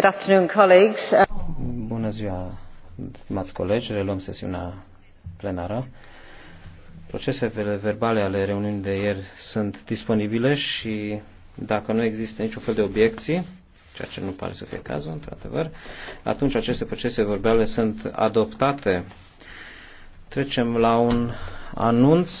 Good afternoon, colleagues. Bună ziua, stimați colegi. Reluăm sesiunea plenară. Procesele verbale ale reuniunii de ieri sunt disponibile și dacă nu există niciun fel de obiecții, ceea ce nu pare să fie cazul, într-adevăr, atunci aceste procese verbale sunt adoptate. Trecem la un anunț